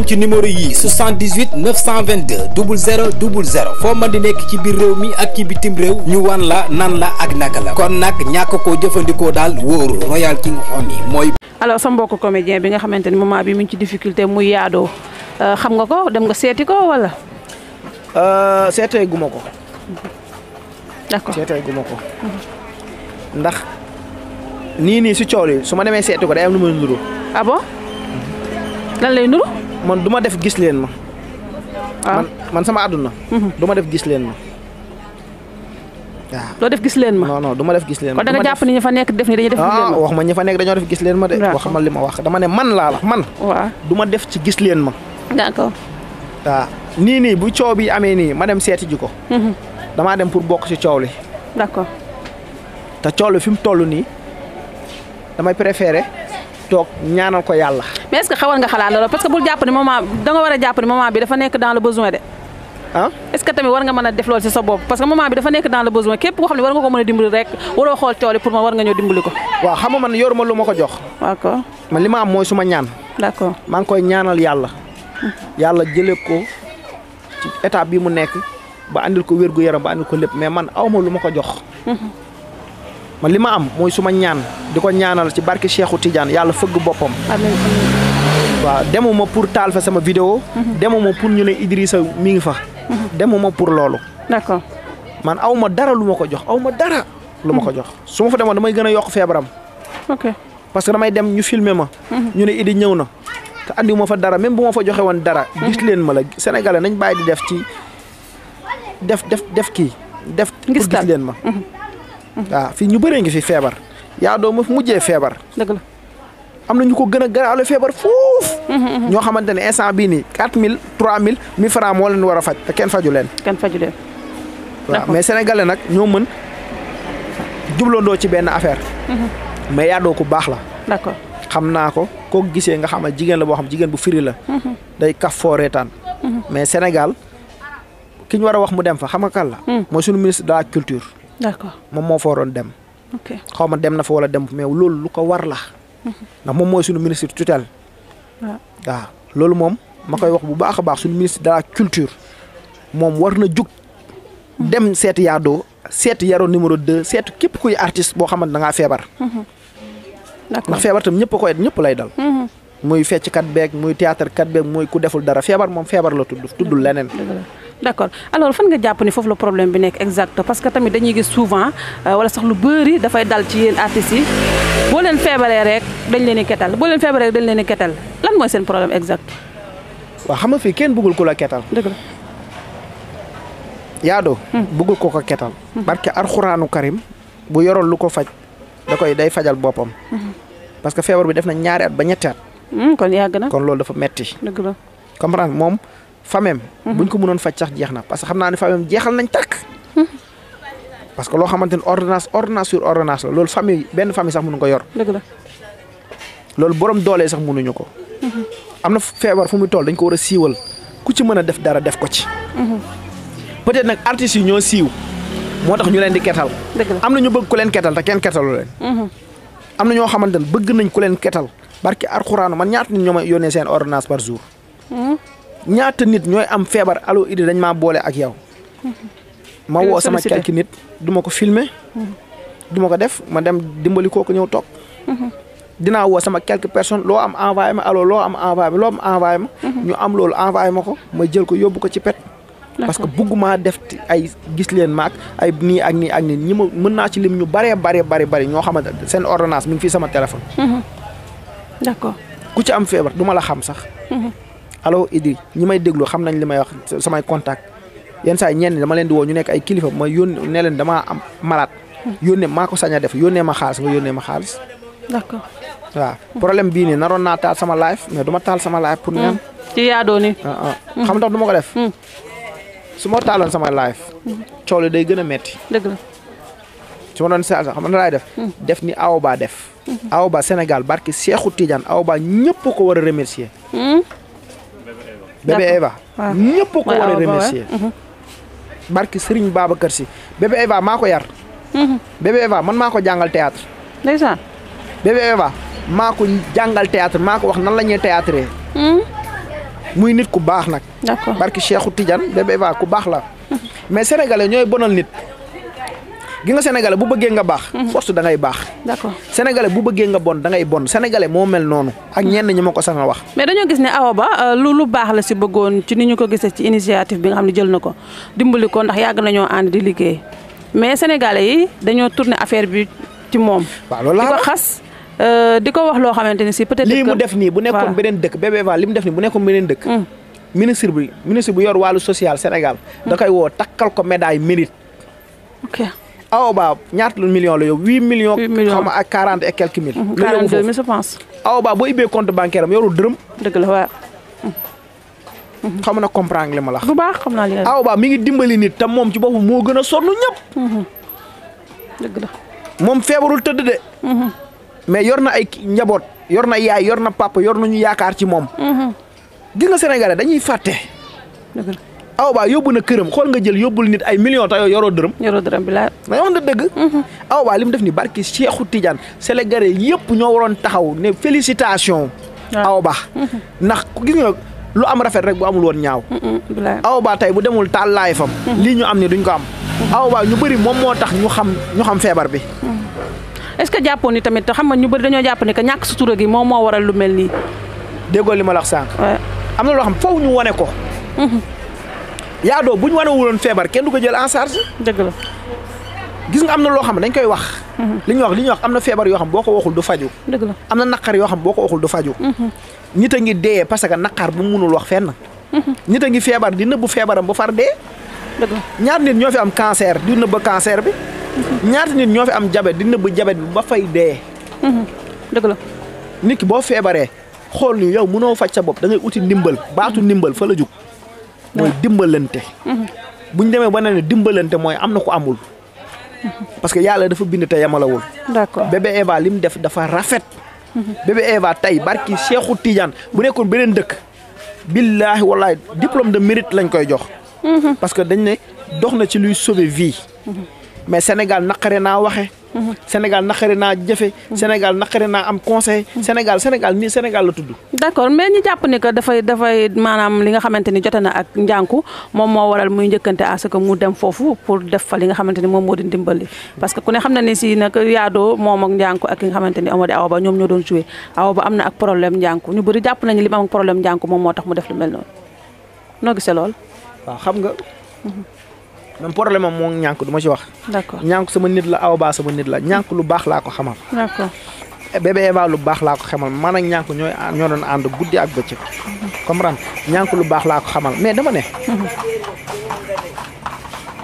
moom ci numéro yii 78 922 00 00 foo mën di nekk ci biir réew mi ak ci bitim réew ñu la nan la ak naka la kon nag ñàkk koo jëfandikoo daal wóoru Royal King Honey mooy. alors sa mbokk comédien bi nga xamante ni moment bi mu ngi ci difficulté muy yaadoo euh, xam nga ko dem nga seeti ko wala. Euh, seetee guma ko. d'accord seetee guma ko. ndax si coow li su ma demee seeti ko day am lu nuru. ah bon lay nuru. man duma def gis leen ma. Ah. man man sama adduna mhm. du ma def gis leen ma. waaw doo def gis leen ma. non duma def gis leen ma. kon jàpp ni ñi fa nekk def dañuy def. gis ah, wax ma ñi fa nekk dañoo def leen ma de. wax ma li ma wax dama ne man laa la man. waaw du ma def ci gis leen ma. d'accord. waaw nii nii bu coow bi amee nii ma dem seeti ji ko. Mhm. damaa dem pour bokk ci coow li. d'accord. te coow li fi mu toll nii damay préféré toog ñaanal ko yàlla. mais est-ce que xawoon nga xalaat loolu parce que bul jàpp ne moment da nga war a jàpp ne moment bi dafa nekk dans le besoin de. ah est-ce que tamit war nga mën a def loolu ci sa bopp parce que moment bi dafa nekk dans le besoin képp koo xam ne war nga ko mën a dimbali rek waroo xool tool pour ma war nga ñëw dimbali ko. waaw xam nga man yoruma lu ma ko jox. man koy ñaanal yàlla. yàlla jëlee ko ci état bi mu nekk ba andil ko wér gu yaram ba andil ko lépp mais man awma lu ma ko jox. Mhm. ma li ma am mooy suma ñaan di ko ñaanal ci barke Cheikhou Tidiane yàlla fëgg boppam. waaw ma pour taal fa sama vidéo. Mhm. ma pour ñu ne Idrissa mi ngi fa. Mhm. ma pour loolu. d'accord man aw dara lu ma ko jox aw ma dara. lu ma ko mhm. jox su ma fa demoon damay gën a yokk feebaram. ok parce que damay dem ñu filmer ma. ñu ne Idi ñëw na. te andi ma fa dara même bu ma fa joxe woon dara. gis leen ma la Sénégalais nañ bàyyi di def ci def def def kii. def gis leen ma. waaw fii ñu bëree ngi fi feebar yaa doo ma mujjee feebar. dëgg la am na ñu ko gën a garaawle feebar fuuf. ñoo xamante ne instant bii nii quatre mille trois mille mille franc moo leen war a faj te kenn faju leen. kenn faju leen. waaw mais sénégalais nag ñoo mën jublandoo ci benn affaire. Mhm. mais yaa doo ku baax la. d'accord xam naa ko koo gisee nga xam ne jigéen la boo xam jigéen bu firi la. Mhm. day kaf foo reetaan. Mhm. mais senegal ki ñu war a wax mu dem fa xam nga kan mooy suñu ministre de culture. d'accord moom moo fa waroon dem. xaw ma dem na fa wala dem mais loolu lu ko war la. Mhm. ndax moom mooy suñu ministre tutelle. waaw loolu moom. ma koy wax bu baax a baax suñu ministre de la culture moom war na jug. Mhm. dem seet yaadoo seet yaro numéro 2 seeti képp kuy artist boo xamante da ngaa feebar. Mhm. ndax feebar tam ñëpp a koy ñëpp lay dal. muy fecc kat beeg muy théâtre kat beeg muy ku deful dara feebar moom feebar la tudd tuddul leneen. d'accord alors fan nga jàpp ni foofu la problème bi nekk exact parce que tamit dañuy gis souvent euh, wala sax lu bëri dafay dal ci yéen artistes yi boo leen feebaree rek dañ leen di ketal boo leen feebaree leen di ketal lan mooy seen problème exact waaw xam nga fii kenn bëggul ku la ketal. dëgg la. Hmm. ko ko ketal. parce hmm. que arxuraanu karim bu yoroon lu ko faj da koy day fajal boppam. Hmm. parce que feebar bi def na ñaari at ba ñetti at. kon yàgg na kon loolu dafa metti dëgg la comprendre moom famem mhm. buñ ko mënoon faj sax jeex na parce que xam naa ne famem jeexal nañ tàkk parce que loo xamante ne ordonnance ordonnance sur ordonnance la loolu famille benn famille sax mënu ko yor loolu borom doole sax mënuñu ko mhm. am na feebar fu muy toll dañ ko war a siiwal ku ci mën a def dara def ko ci mhm. peut-être nag artistes yi ñoo siiw moo tax ñu leen di ketal am na ñu bëgg ku leen ketal te kenn ketalu leen am na ñoo xamante ne bëgg nañ ku leen ketal barki alxuraanu man ñaata nit ñoo ma yónnee seen ordonnance par jour ñaata nit ñooy am feebar aloo Idy dañ maa boole ak yow. ma woo sama quelques nit duma ko filme mm-hmm. duma ko def ma dem dimbali kooku ñëw toog. Mm-hmm. dinaa woo sama quelques personnes loo am envoyé ma allo loo am envoyé ma loo ma. Mm-hmm. ñu am loolu envoyé ma ko ma jël ko yóbbu ko ci pet. parce que bëgguma def ay gis leen maak ay nii ak nii ak nii ñi ma mën naa ci lim ñu baree baree bari bari ñoo xamante seen ordonnance mi ngi fii sama téléphone. ku ci am feebar duma la xam sax. allo Idi ñi may déglu xam nañ li may wax samay contact yenn saa yi ñenn dama leen di woo ñu nekk ay kilifa ma yónne leen damaa am malade. yónnee maa ko sañ a def yónnee ma xaalis nga yónnee ma xaalis. waaw problème bii nii naroon naa taal sama live mais ma taal sama live pour ñaan. Mm. Ah, ah. mm. xam nga du ma ko def. Mm. ma taaloon sama live. coow li day gën a metti. dëgg la. su ma doon saal sax xam nga laay def. def ni aw baa def. aw baa barki Seexu Tidiane aw baa ñëpp ko war a remercier. bébé Eva ah. ñëpp ko war a remercier mhm. barki Serigne Babacar Sy bébé Eva maa ko yar mhm. bébé Eva man maa ko jàngal théâtre ndeysaan bébé Eva maa ko jàngal théâtre maa ko wax nan la ñuy théâtre mhm. muy nit ku baax nag d'accord barki Cheikhou Tidiane bébé Eva ku baax la mais sénégalais ñooy bonal nit gi nga sénégalais bu bëggee nga baax. Mhm. force dangay ngay baax. d'accord sénégalais bu bëggee nga bon dangay ngay bon sénégalais moo mel noonu. ak mhm. ñenn ñi ma ko sax na wax. mais dañoo gis ne Awa Ba euh, lu lu baax la si bëggoon ci ni ñu ko gisee ci initiative bi nga xam ne jël na ko dimbali ko ndax yàgg nañoo ànd di liggéey mais sénégalais yi dañoo tourné affaire bi ci moom. waaw loolu laa ko xas. Euh, ko wax loo xamante ni si peut-être. mu def nii bu nekkoon beneen dëkk bébé Eva li mu def nii bu nekkoon beneen dëkk. Mm. ministre bi ministre bu yor wàllu social Sénégal. da mm. koy woo takkal ko médaille mérite. Aobab ñaata million la yow huit millions. huit millions xaw ma ak quarante et quelques mille. quarante deux mille je pense. Aobab boo ubbee compte bancaire am yorul dërëm. dëgg la waaw. xam na comprendre li ma la wax. bu baax xam naa li Aobab mi ngi dimbali nit te moom ci boppam moo gën a sonn ñëpp. dëgg la. moom feebarul tëdd de. mais yor na ay njaboot yor na yaay yor na papa yor na ñu yaakaar ci moom. gis nga Sénégalais dañuy fàtte. dëgg la. aw baa yóbbu na këram xool nga jël yóbbul nit ay millions te yoroo dërëm. yoroo dërëm bi laa. mais wax na dëgg. Mhm. aw baa li mu def ni barki Cheikhou Tidiane Sénégalais yëpp ñoo waroon taxaw ne félicitation. aw baa mhm. ndax ki nga lu am rafet rek bu amul woon ñaaw. Mhm, aw baa tey bu demul taal laay fam lii ñu am ni duñ ko am. aw baa ñu bëri moom moo tax ñu xam ñu xam feebar bi. est-ce que jàppoon ni tamit xam nga ñu bëri dañoo jàpp ni que ñàkk sutura gi moom moo waral lu mel nii. déggoo li ma la wax am na loo xam wone ko. yaadoo bu ñu wanewuloon feebar kenn du ko jël en charge. la. gis nga am na loo xam ne dañ koy wax. Mhm. li ñuy wax li ñuy wax am na feebar yoo xam boo ko waxul du faju dëgg la am na naqar yoo xam boo ko waxul du faju mhm. nit a ngi dee parce que naqar bu munul wax fenn. Mhm. nit a ngi feebar di nëbbu feebaram ba far dee. dëgg la nit ñoo fi am cancer di nëbba cancer bi. ñaata nit ñoo fi am jabet di nëbbu jabet bi ba fay dee. dëgg la. nit ki boo feebaree xool ni yow mënoo faj sa bopp dangay ngay uti ndimbal baatu ndimbal fa la mooy dimbalante. Mhm. bu ñu ba ne dimbalante mooy am na ko amul. parce que yàlla dafa bind te yamalawul d'accord bébé Eva lim def dafa rafet. Mhm. bébé Eva tey barki Cheikhou Tidiane bu nekkoon beneen dëkk. billaahi wallaahi diplôme de mérite lañ koy jox. Mhm. parce que dañ ne dox na ci luy sauver vie. mais Sénégal naqare naa waxe mhm. Sénégal naqare naa jëfe mhm. Sénégal naqare naa am conseil mhm. Sénégal Sénégal nii Sénégal la tudd d'accord mais ñu jàpp ni que dafay maanaam li nga xamante ni jote na ak njànku moom moo waral muy njëkkante à ce que mu dem foofu pour def fa li nga xamante ni moom moo di ndimbali parce que ku ne xam ne ni si nag yaadoo moom ak ak ki xamante ni Amady ñoom ñoo doon joué Awa Ba am na ak problème njànku ñu bëri jàpp nañu li mu am ak problème njànku moom moo tax mu def lu mel noonu noo lool xam nga même problème am moo ñànk du ma ci wax. d'accord ñànk sama nit la aw sama nit la ñànk lu baax laa ko xamal. d'accord bébé lu baax laa ko xamal man ak ñànk ñoo doon ànd guddi ak bëccëg. comprendre ñànk lu baax laa ko xamal mais dama ne.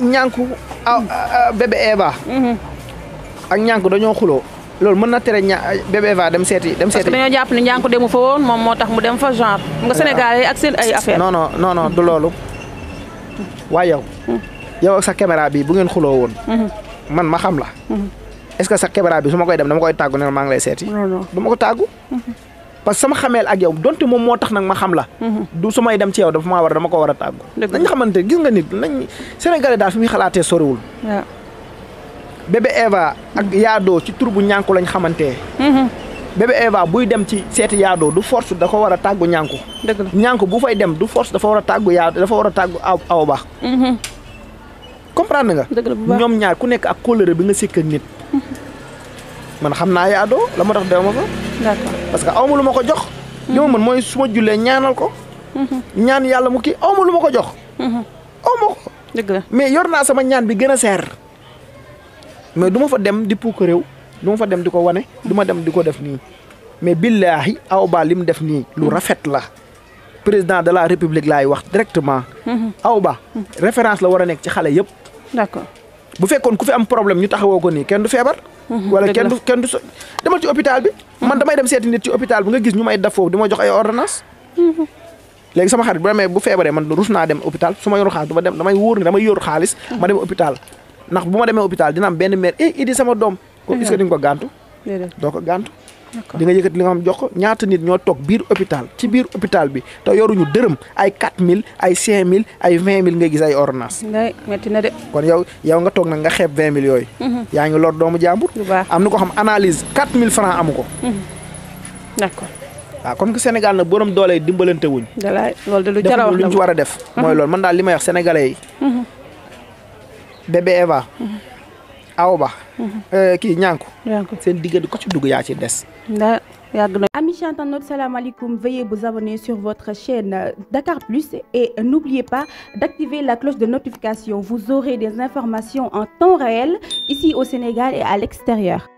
ñànk aw bébé Eva. Mhm. ak ñànk dañoo xuloo loolu mën na tere ña bébé dem seeti dem seeti. parce que dañoo jàpp ne ñànk demu fa moom moo tax mu dem fa genre. nga Sénégal yi ak du loolu. waa yow ak sa caméra bi bu ngeen xuloo woon. Mhm. man ma xam la. Mhm. est-ce que sa caméra bi su ma koy dem dama koy tàggu ne maa ngi lay seeti. non non du ma ko tàggu. Mhm. parce que sama xameel ak yow donte moom moo tax nag ma xam la. du su may dem ci yow dafa maa war dama ko war a tàggu. nañ xamante gis nga nit nañ Sénégalais daal fi muy xalaatee soriwul. waaw. bébé Eva ak Yaadoo ci tur bu ñànku lañ xamante bébé Eva buy dem ci seeti Yaadoo du force da war a tàggu ñànku. dëgg la ñànku bu fay dem du force dafa war a tàggu Yaadoo dafa war a tàggu aw aw baax. comprendre nga. ñoom ñaar ku nekk ak kóllëre bi nga sekk ak nit. man xam naa yaado la ma tax dew ma fa. d'accord parce que aw ma lu ma ko jox. Mhm. li ma mën mooy su ma jullee ñaanal ko. Mhm. ñaan yàlla mu ki awma lu ma ko jox. Mhm. aw ko. mais yor naa sama ñaan bi gën a seer. mais du ma fa dem di puuk réew du ma fa dem di ko wane du ma dem di ko def nii mais billaahi aw ba li mu def nii lu rafet la président de la république laay wax directement. aw ba référence la war a nekk ci xale yëpp. d'accord bu fekkoon ku fi am problème ñu taxawoo ko nii kenn du feebar. Mhm, wala kenn du kenn du demal ci hôpital bi. Mhm. man damay dem seeti nit ci hôpital bi nga gis ñu may daf foofu di ma jox ay ordonnance mhm. léegi sama xarit bu demee bu feebaree man rus naa dem hôpital su ma yoru xaalis du dem damay wóor ne damay yoru xaalis. ma dem hôpital nax bu ma demee hôpital dina am benn mère eh Idi sama doom. ko est-ce que ko gàntu. doo ko gàntu. di nga yëkkati li nga xam jox ko ñaata nit ñoo toog biir hôpital ci biir hôpital bi te yoruñu dërëm ay 4000 ay 5000 ay 20000 ngay gis ay ordonnance metti na de. kon yow yow nga toog nag nga xeeb 20000 yooyu. Mhm. yaa ngi lor doomu mhm. a a mhm. yi. bébé Eva. aw ba. Mhm. Eh, kii ñànku. seen diggante ko ci dugg yaa ci des. na. amis chantants notre salaamaaleykum veuillez vous abonner sur votre chaîne euh, Dakar Plus et euh, n'oubliez pas d'activer la cloche de notification vous aurez des informations en temps réel ici au Sénégal et à l'extérieur.